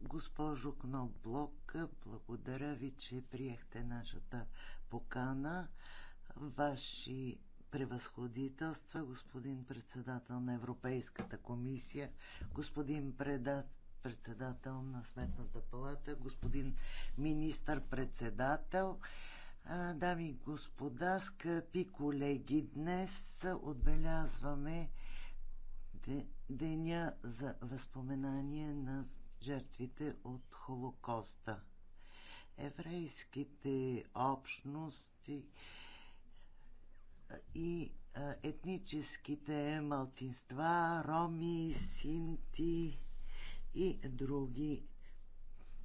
Госпожо Кноблок, благодаря ви, че приехте нашата покана. Ваши превъзходителства, господин председател на Европейската комисия, господин предат, председател на Сметната палата, господин министър-председател, дами и господа, скъпи колеги, днес отбелязваме деня за възпоменание на жертвите от Холокоста. Еврейските общности и етническите малцинства, роми, синти и други,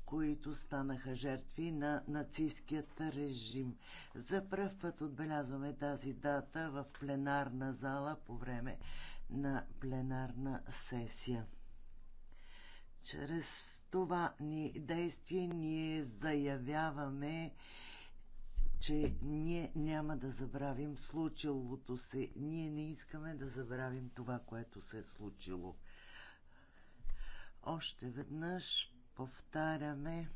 които станаха жертви на нацистският режим. За пръв път отбелязваме тази дата в пленарна зала по време на пленарна сесия. Чрез това ни действие ние заявяваме, че ние няма да забравим случилото се. Ние не искаме да забравим това, което се е случило. Още веднъж повтаряме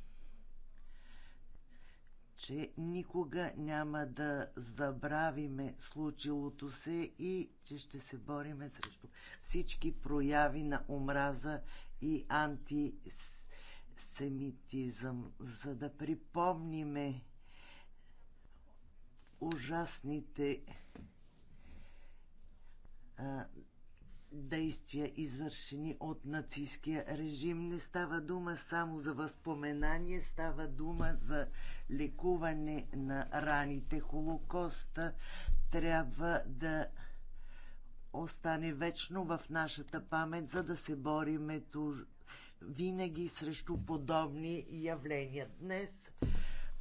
че никога няма да забравиме случилото се и че ще се бориме срещу всички прояви на омраза и антисемитизъм, за да припомниме ужасните а, действия, извършени от нацистския режим. Не става дума само за възпоменание, става дума за лекуване на раните. Холокоста трябва да остане вечно в нашата памет, за да се бориме туж... винаги срещу подобни явления. Днес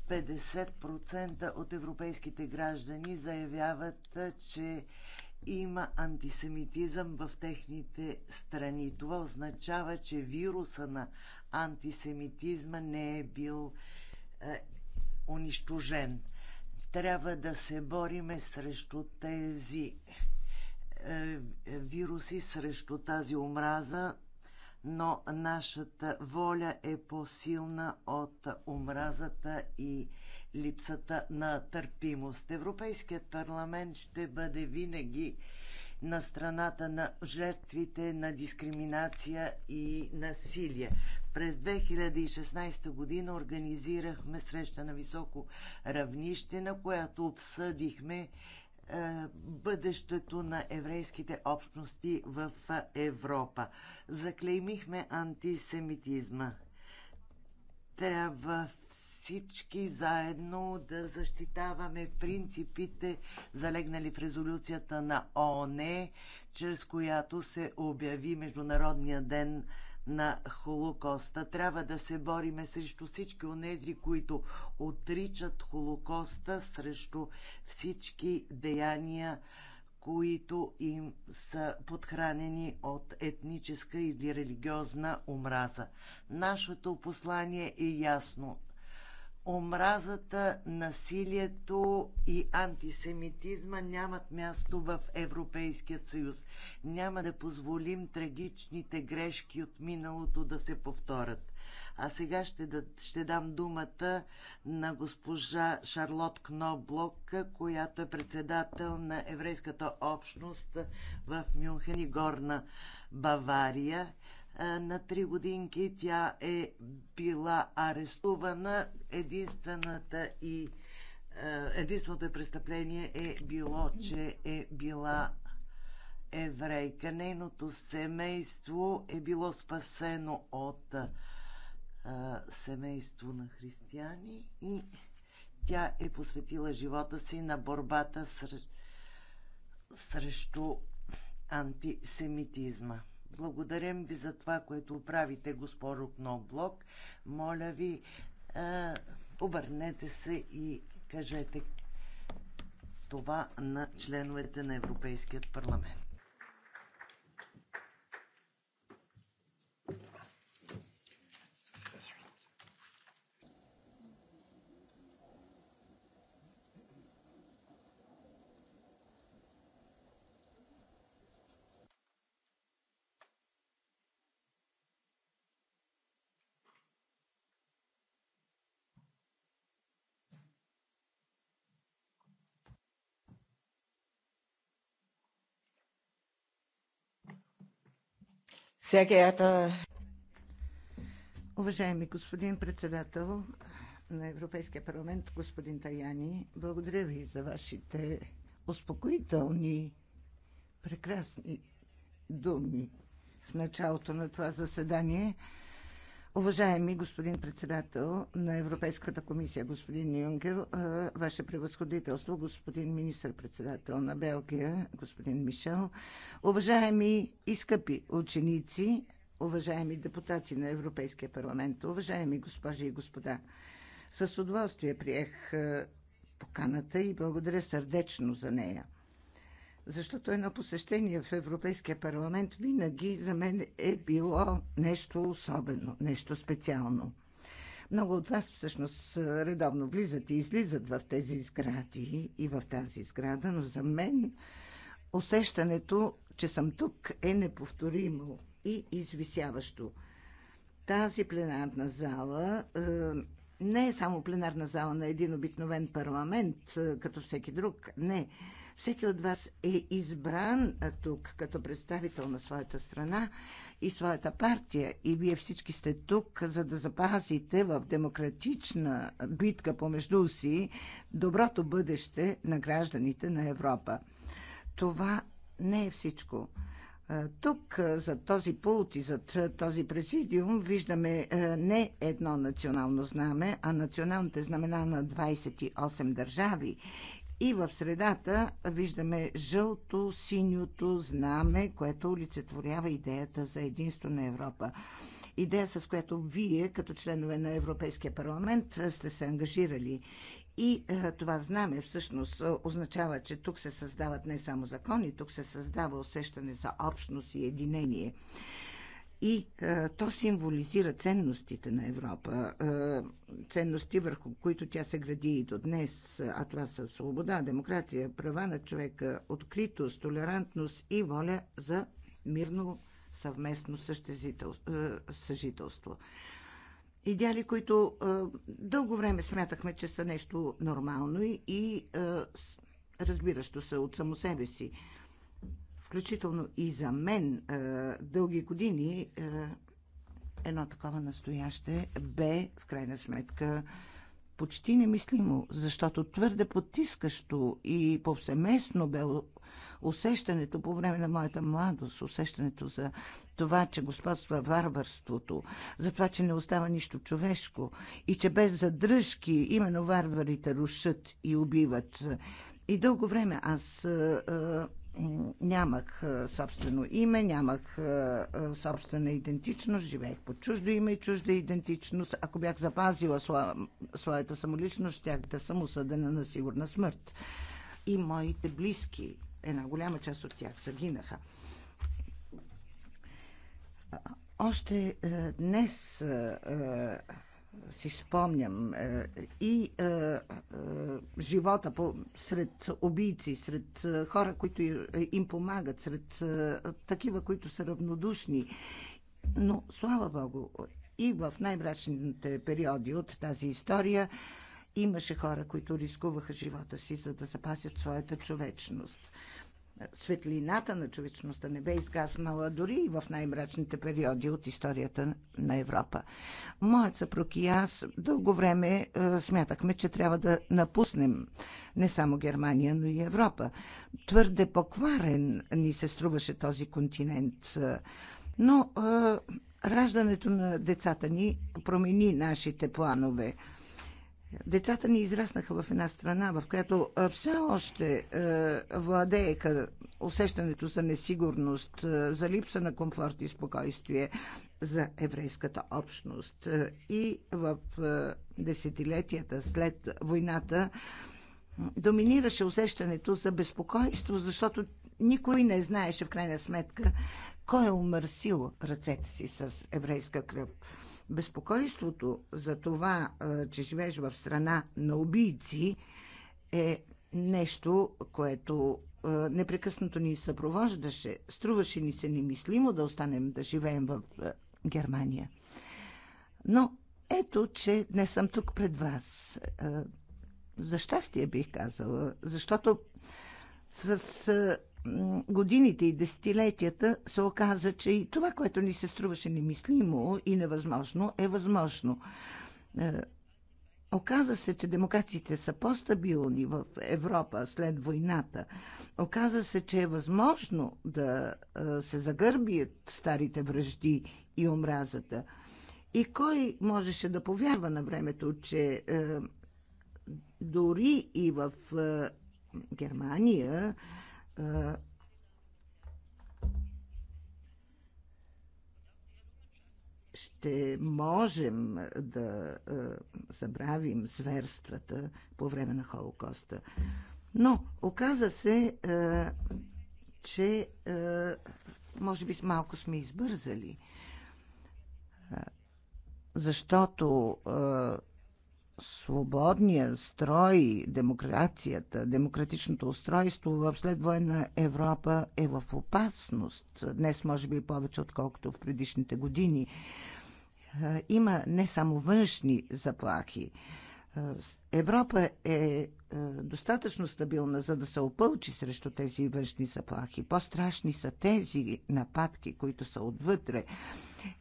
50% от европейските граждани заявяват, че има антисемитизъм в техните страни. Това означава, че вируса на антисемитизма не е бил е, унищожен. Трябва да се бориме срещу тези е, вируси, срещу тази омраза, но нашата воля е по-силна от омразата и липсата на търпимост. Европейският парламент ще бъде винаги на страната на жертвите на дискриминация и насилие. През 2016 година организирахме среща на високо равнище, на която обсъдихме е, бъдещето на еврейските общности в Европа. Заклеймихме антисемитизма. Трябва всички заедно да защитаваме принципите, залегнали в резолюцията на ООН, чрез която се обяви Международния ден на Холокоста. Трябва да се бориме срещу всички онези, които отричат Холокоста, срещу всички деяния, които им са подхранени от етническа или религиозна омраза. Нашето послание е ясно омразата, насилието и антисемитизма нямат място в Европейският съюз. Няма да позволим трагичните грешки от миналото да се повторят. А сега ще, да, ще дам думата на госпожа Шарлот Кноблок, която е председател на еврейската общност в Мюнхен и Горна Бавария. Е, на три годинки тя е била арестувана. Единствената и е, единственото престъпление е било, че е била еврейка. Нейното семейство е било спасено от е, семейство на християни и тя е посветила живота си на борбата срещу антисемитизма. Благодарим ви за това, което правите, госпожо Кноблок. Моля ви, а, обърнете се и кажете това на членовете на Европейският парламент. Sehr geehrter Уважаеми господин председател на Европейския парламент, господин Таяни, благодаря ви за вашите успокоителни, прекрасни думи в началото на това заседание. Уважаеми господин председател на Европейската комисия, господин Юнкер, ваше превъзходителство, господин министр-председател на Белгия, господин Мишел, уважаеми и скъпи ученици, уважаеми депутати на Европейския парламент, уважаеми госпожи и господа, с удоволствие приех поканата и благодаря сърдечно за нея защото едно посещение в Европейския парламент винаги за мен е било нещо особено, нещо специално. Много от вас всъщност редовно влизат и излизат в тези сгради и в тази сграда, но за мен усещането, че съм тук е неповторимо и извисяващо. Тази пленарна зала е, не е само пленарна зала на един обикновен парламент, е, като всеки друг. Не. Всеки от вас е избран тук като представител на своята страна и своята партия. И вие всички сте тук, за да запазите в демократична битка помежду си доброто бъдеще на гражданите на Европа. Това не е всичко. Тук, за този пулт и за този президиум, виждаме не едно национално знаме, а националните знамена на 28 държави. И в средата виждаме жълто-синьото знаме, което олицетворява идеята за единство на Европа. Идея, с която вие, като членове на Европейския парламент, сте се ангажирали. И е, това знаме всъщност е, означава, че тук се създават не само закони, тук се създава усещане за общност и единение и а, то символизира ценностите на Европа, а, ценности върху които тя се гради и до днес, а това са свобода, демокрация, права на човека, откритост, толерантност и воля за мирно съвместно съжителство. Идеали, които а, дълго време смятахме, че са нещо нормално и, и а, разбиращо се от само себе си включително и за мен, дълги години едно такова настояще бе, в крайна сметка, почти немислимо, защото твърде потискащо и повсеместно бе усещането по време на моята младост, усещането за това, че господства варварството, за това, че не остава нищо човешко и че без задръжки именно варварите рушат и убиват. И дълго време аз а, Нямах собствено име, нямах собствена идентичност, живеех по чуждо име и чужда идентичност. Ако бях запазила своята самоличност, щях да съм осъдена на сигурна смърт. И моите близки, една голяма част от тях, загинаха. Още днес си спомням, е, и е, е, живота по, сред убийци, сред е, хора, които е, им помагат, сред е, такива, които са равнодушни. Но, слава Богу, и в най-мрачните периоди от тази история имаше хора, които рискуваха живота си, за да запасят своята човечност светлината на човечността не бе изгаснала дори и в най-мрачните периоди от историята на Европа. Моят съпруг и аз дълго време е, смятахме, че трябва да напуснем не само Германия, но и Европа. Твърде покварен ни се струваше този континент. Е, но е, раждането на децата ни промени нашите планове. Децата ни израснаха в една страна, в която все още владееха усещането за несигурност, за липса на комфорт и спокойствие за еврейската общност. И в десетилетията след войната доминираше усещането за безпокойство, защото никой не знаеше в крайна сметка кой е умърсил ръцете си с еврейска кръв. Безпокойството за това, че живееш в страна на убийци, е нещо, което непрекъснато ни съпровождаше. Струваше ни се немислимо да останем да живеем в Германия. Но ето, че не съм тук пред вас. За щастие бих казала, защото с годините и десетилетията се оказа, че и това, което ни се струваше немислимо и невъзможно, е възможно. Е, оказа се, че демокрациите са по-стабилни в Европа след войната. Оказа се, че е възможно да е, се загърбият старите връжди и омразата. И кой можеше да повярва на времето, че е, дори и в Германия ще можем да забравим зверствата по време на Холокоста. Но оказа се, че може би малко сме избързали, защото свободния строй, демокрацията, демократичното устройство в следвоенна Европа е в опасност. Днес може би повече отколкото в предишните години. Е, има не само външни заплахи. Е, Европа е, е достатъчно стабилна, за да се опълчи срещу тези външни заплахи. По-страшни са тези нападки, които са отвътре.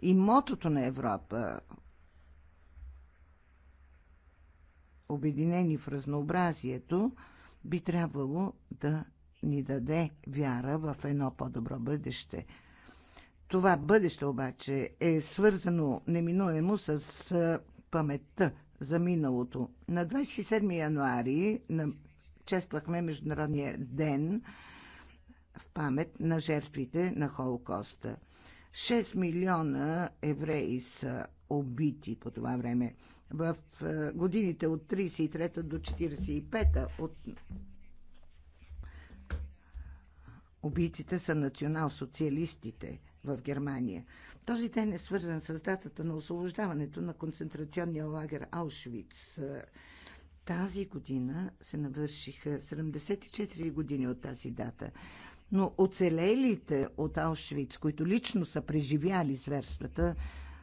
И мотото на Европа обединени в разнообразието, би трябвало да ни даде вяра в едно по-добро бъдеще. Това бъдеще обаче е свързано неминуемо с паметта за миналото. На 27 януари чествахме Международния ден в памет на жертвите на Холокоста. 6 милиона евреи са убити по това време в е, годините от 33 до 45 от убийците са национал-социалистите в Германия. Този ден е свързан с датата на освобождаването на концентрационния лагер Аушвиц. Тази година се навършиха 74 години от тази дата. Но оцелелите от Аушвиц, които лично са преживяли зверствата,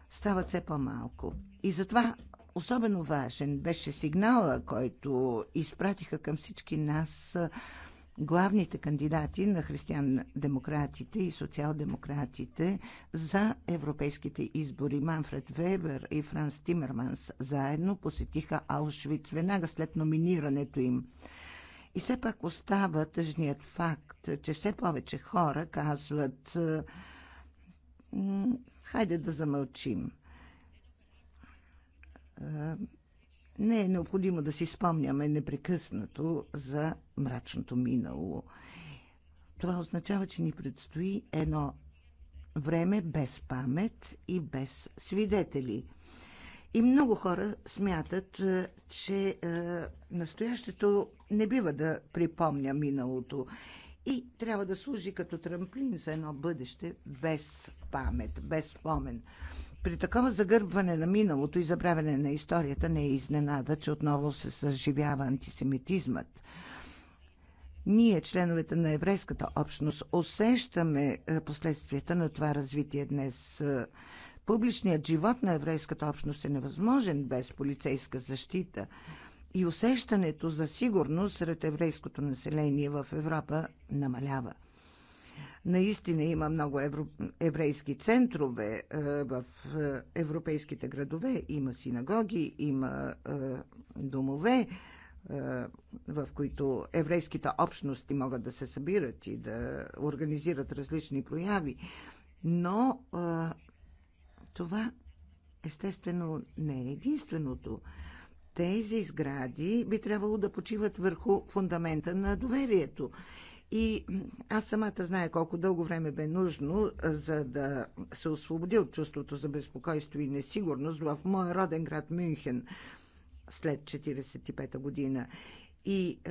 стават все по-малко. И затова Особено важен беше сигнала, който изпратиха към всички нас главните кандидати на християн-демократите и социал-демократите за европейските избори Манфред Вебер и Франс Тимерманс заедно посетиха Аушвиц веднага след номинирането им. И все пак остава тъжният факт, че все повече хора казват хайде да замълчим не е необходимо да си спомняме непрекъснато за мрачното минало. Това означава, че ни предстои едно време без памет и без свидетели. И много хора смятат, че е, настоящето не бива да припомня миналото и трябва да служи като трамплин за едно бъдеще без памет, без спомен. При такова загърбване на миналото и забравяне на историята не е изненада, че отново се съживява антисемитизмът. Ние, членовете на еврейската общност, усещаме е, последствията на това развитие днес. Е, публичният живот на еврейската общност е невъзможен без полицейска защита. И усещането за сигурност сред еврейското население в Европа намалява. Наистина има много евро... еврейски центрове е, в е, европейските градове. Има синагоги, има е, домове, в които еврейските общности могат да се събират и да организират различни прояви. Но това естествено не е единственото тези сгради би трябвало да почиват върху фундамента на доверието. И аз самата знае колко дълго време бе нужно, за да се освободи от чувството за безпокойство и несигурност в моя роден град Мюнхен след 1945 година. И е,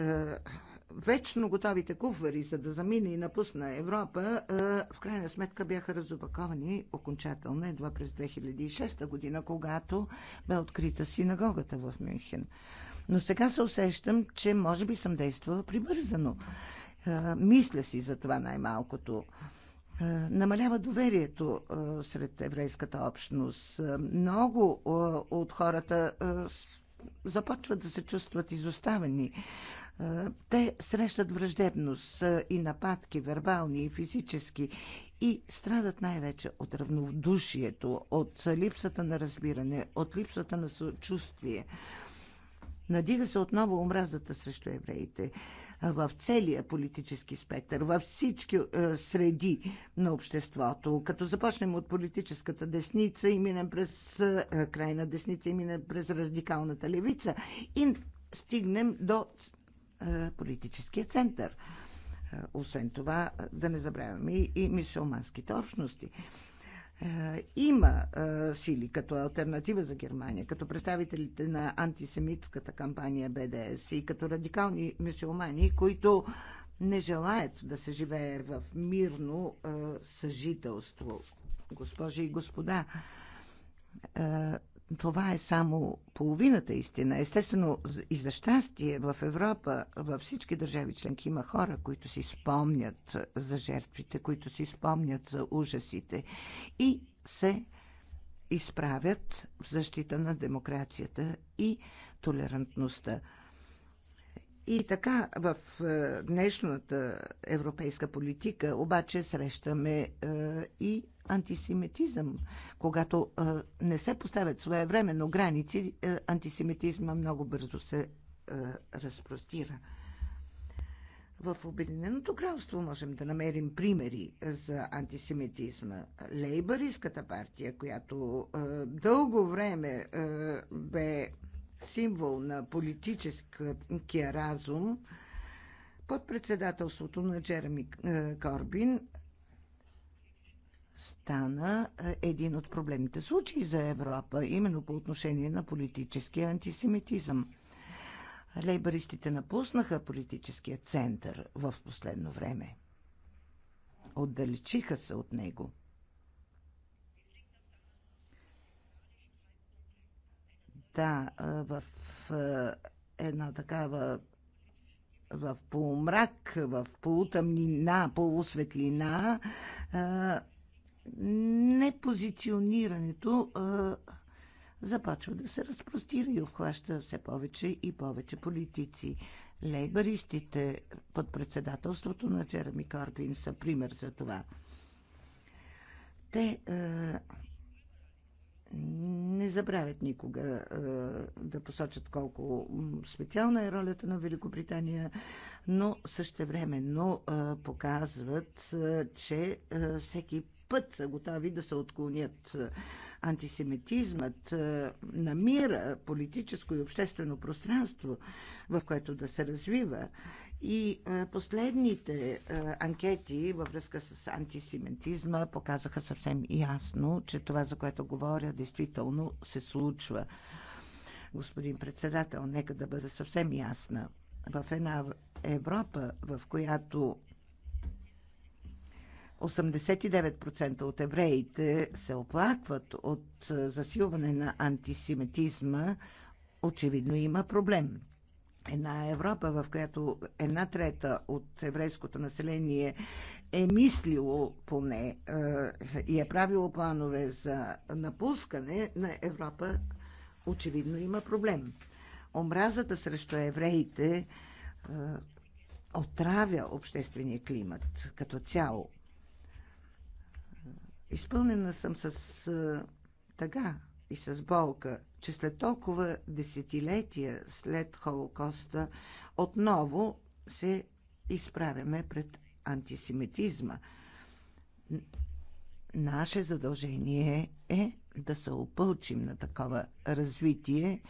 вечно готовите куфари, за да замине и напусна Европа, е, в крайна сметка бяха разопаковани окончателно едва през 2006 година, когато бе открита синагогата в Мюнхен. Но сега се усещам, че може би съм действала прибързано мисля си за това най-малкото. Намалява доверието сред еврейската общност. Много от хората започват да се чувстват изоставени. Те срещат враждебност и нападки, вербални и физически, и страдат най-вече от равнодушието, от липсата на разбиране, от липсата на съчувствие. Надига се отново омразата срещу евреите в целия политически спектър, във всички е, среди на обществото. Като започнем от политическата десница и минем през е, крайна десница и минем през радикалната левица и стигнем до е, политическия център. Освен това, да не забравяме и мисулманските общности. Е, има е, сили като альтернатива за Германия, като представителите на антисемитската кампания БДС и като радикални мусулмани, които не желаят да се живее в мирно е, съжителство. Госпожи и господа, това е само половината истина. Естествено, и за щастие в Европа, във всички държави членки има хора, които си спомнят за жертвите, които си спомнят за ужасите и се изправят в защита на демокрацията и толерантността. И така в е, днешната европейска политика обаче срещаме е, и антисемитизъм. Когато е, не се поставят своевременно граници, антисемитизма много бързо се разпростира. В Обединеното кралство можем да намерим примери за антисемитизма. Лейбористската партия, която е, дълго време е, бе символ на политическия разум под председателството на Джереми е, Корбин стана е, един от проблемните случаи за Европа, именно по отношение на политическия антисемитизъм. Лейбаристите напуснаха политическия център в последно време. Отдалечиха се от него. места в една такава в полумрак, в полутъмнина, полусветлина, непозиционирането започва да се разпростира и обхваща все повече и повече политици. Лейбаристите под председателството на Джереми Корбин са пример за това. Те не забравят никога да посочат колко специална е ролята на Великобритания, но същевременно показват, че всеки път са готови да се отклонят антисемитизмът намира политическо и обществено пространство, в което да се развива. И последните анкети във връзка с антисемитизма показаха съвсем ясно, че това, за което говоря, действително се случва. Господин председател, нека да бъда съвсем ясна. В една Европа, в която 89% от евреите се оплакват от засилване на антисемитизма, очевидно има проблем. Една Европа, в която една трета от еврейското население е мислило поне е, и е правило планове за напускане на Европа, очевидно има проблем. Омразата срещу евреите е, отравя обществения климат като цяло. Изпълнена съм с е, тъга и с болка, че след толкова десетилетия след Холокоста отново се изправяме пред антисемитизма. Наше задължение е да се опълчим на такова развитие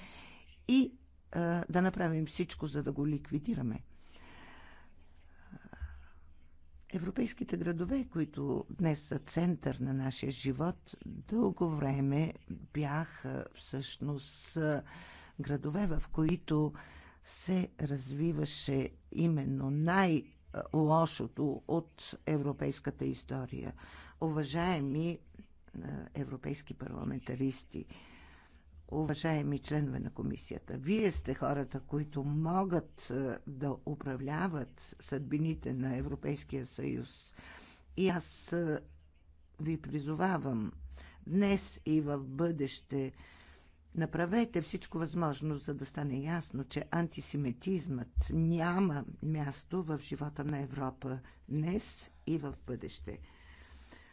и а, да направим всичко, за да го ликвидираме. Европейските градове, които днес са център на нашия живот, дълго време бяха всъщност градове, в които се развиваше именно най-лошото от европейската история. Уважаеми европейски парламентаристи, уважаеми членове на комисията, вие сте хората, които могат е, да управляват съдбините на Европейския съюз. И аз е, ви призовавам днес и в бъдеще направете всичко възможно, за да стане ясно, че антисемитизмът няма място в живота на Европа днес и в бъдеще.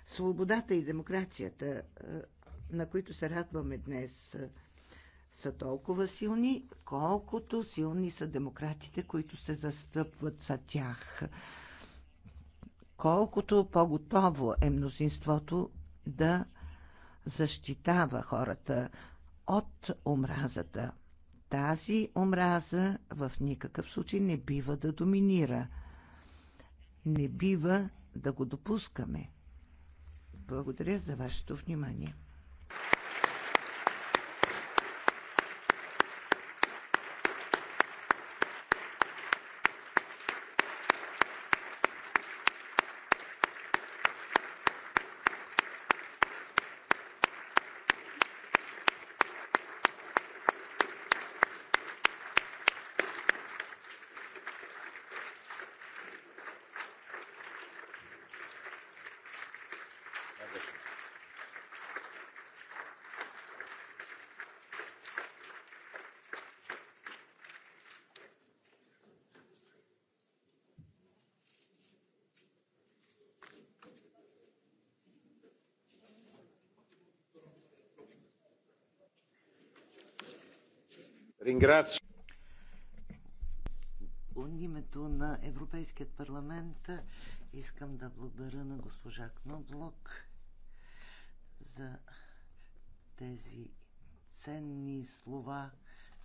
Свободата и демокрацията, е, на които се радваме днес, са толкова силни, колкото силни са демократите, които се застъпват за тях. Колкото по-готово е мнозинството да защитава хората от омразата. Тази омраза в никакъв случай не бива да доминира. Не бива да го допускаме. Благодаря за вашето внимание. Ringrazio. От името на Европейският парламент искам да благодаря на госпожа Кноблок за тези ценни слова,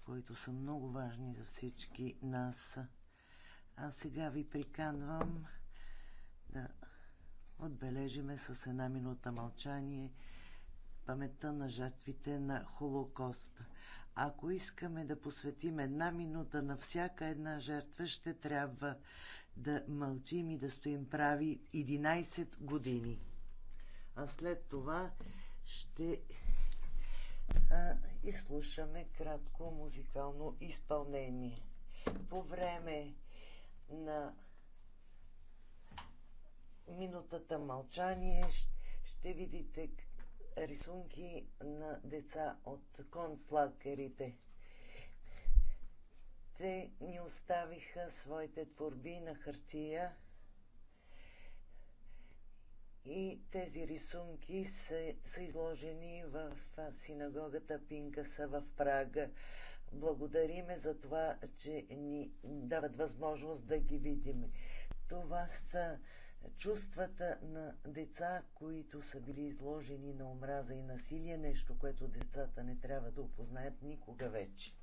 които са много важни за всички нас. А сега ви приканвам да отбележиме с една минута мълчание паметта на жертвите на Холокоста. Ако искаме да посветим една минута на всяка една жертва, ще трябва да мълчим и да стоим прави 11 години. А след това ще а, изслушаме кратко музикално изпълнение. По време на минутата мълчание ще видите рисунки на деца от концлагерите. Те ни оставиха своите творби на хартия и тези рисунки са, са изложени в синагогата Пинкаса в Прага. Благодариме за това, че ни дават възможност да ги видим. Това са чувствата на деца, които са били изложени на омраза и насилие, нещо, което децата не трябва да опознаят никога вече.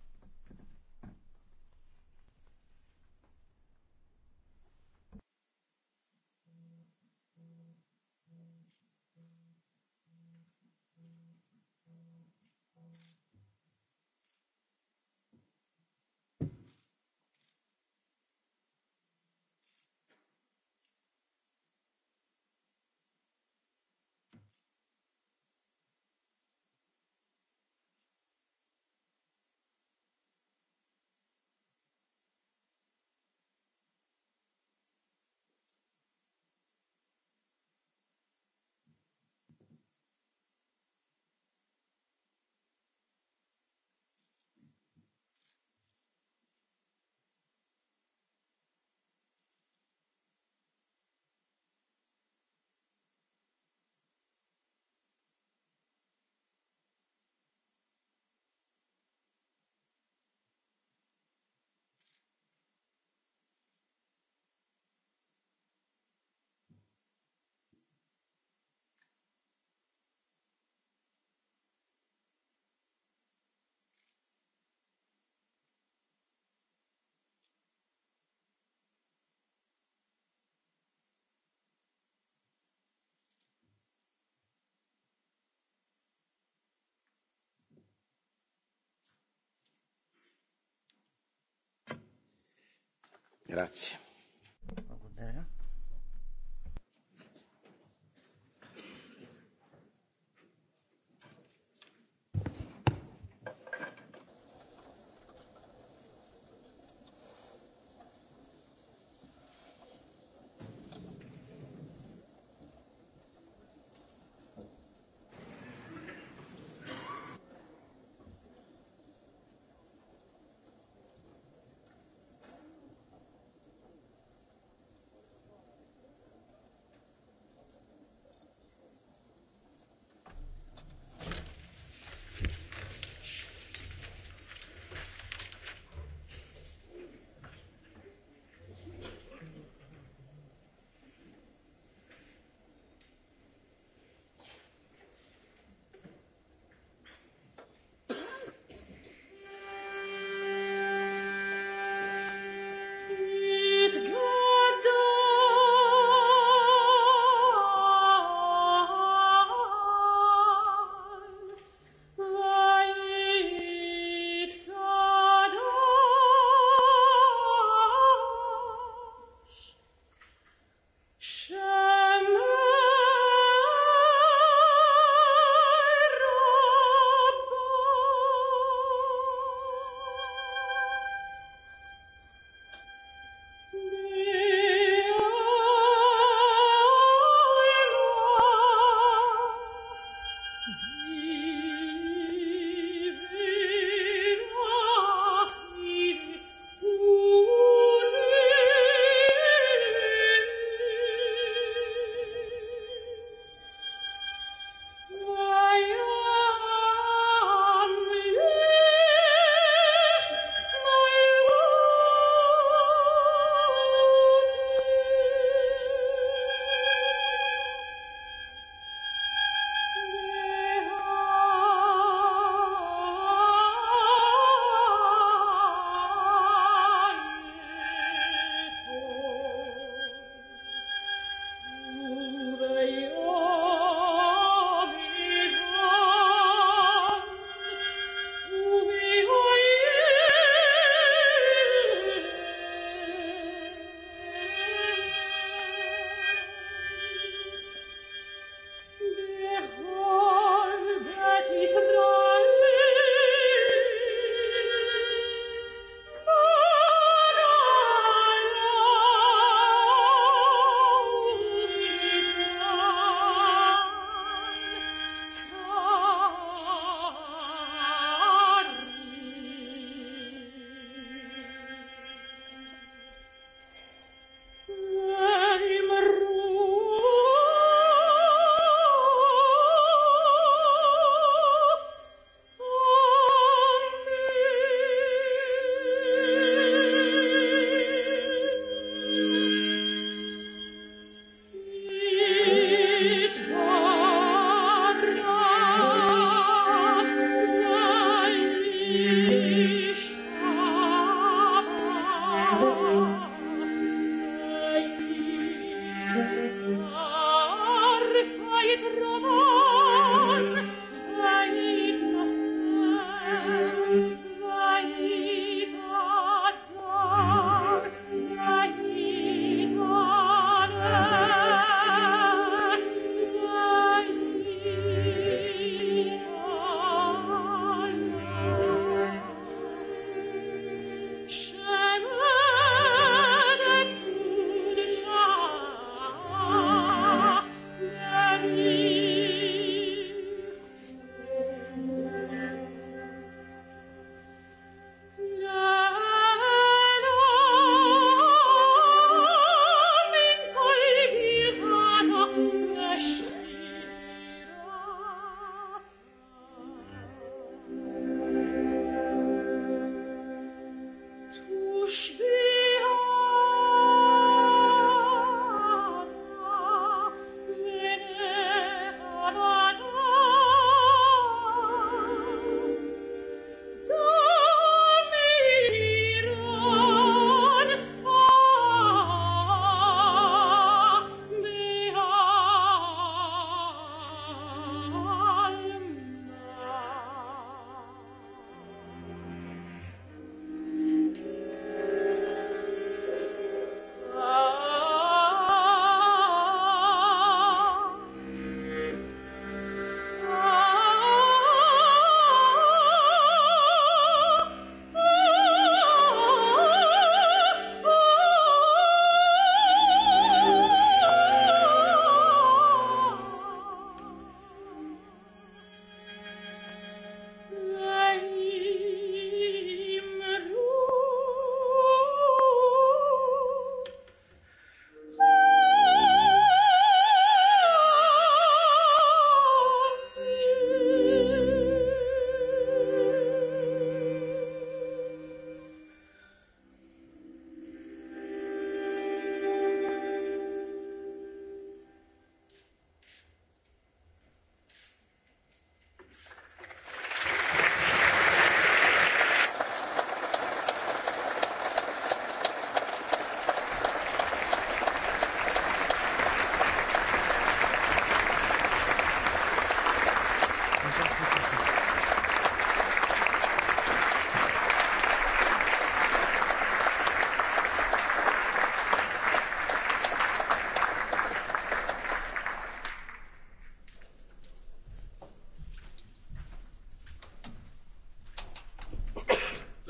Grazie.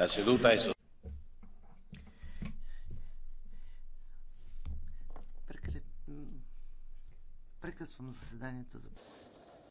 La seduta è sospesa. Прекъсвам заседанието.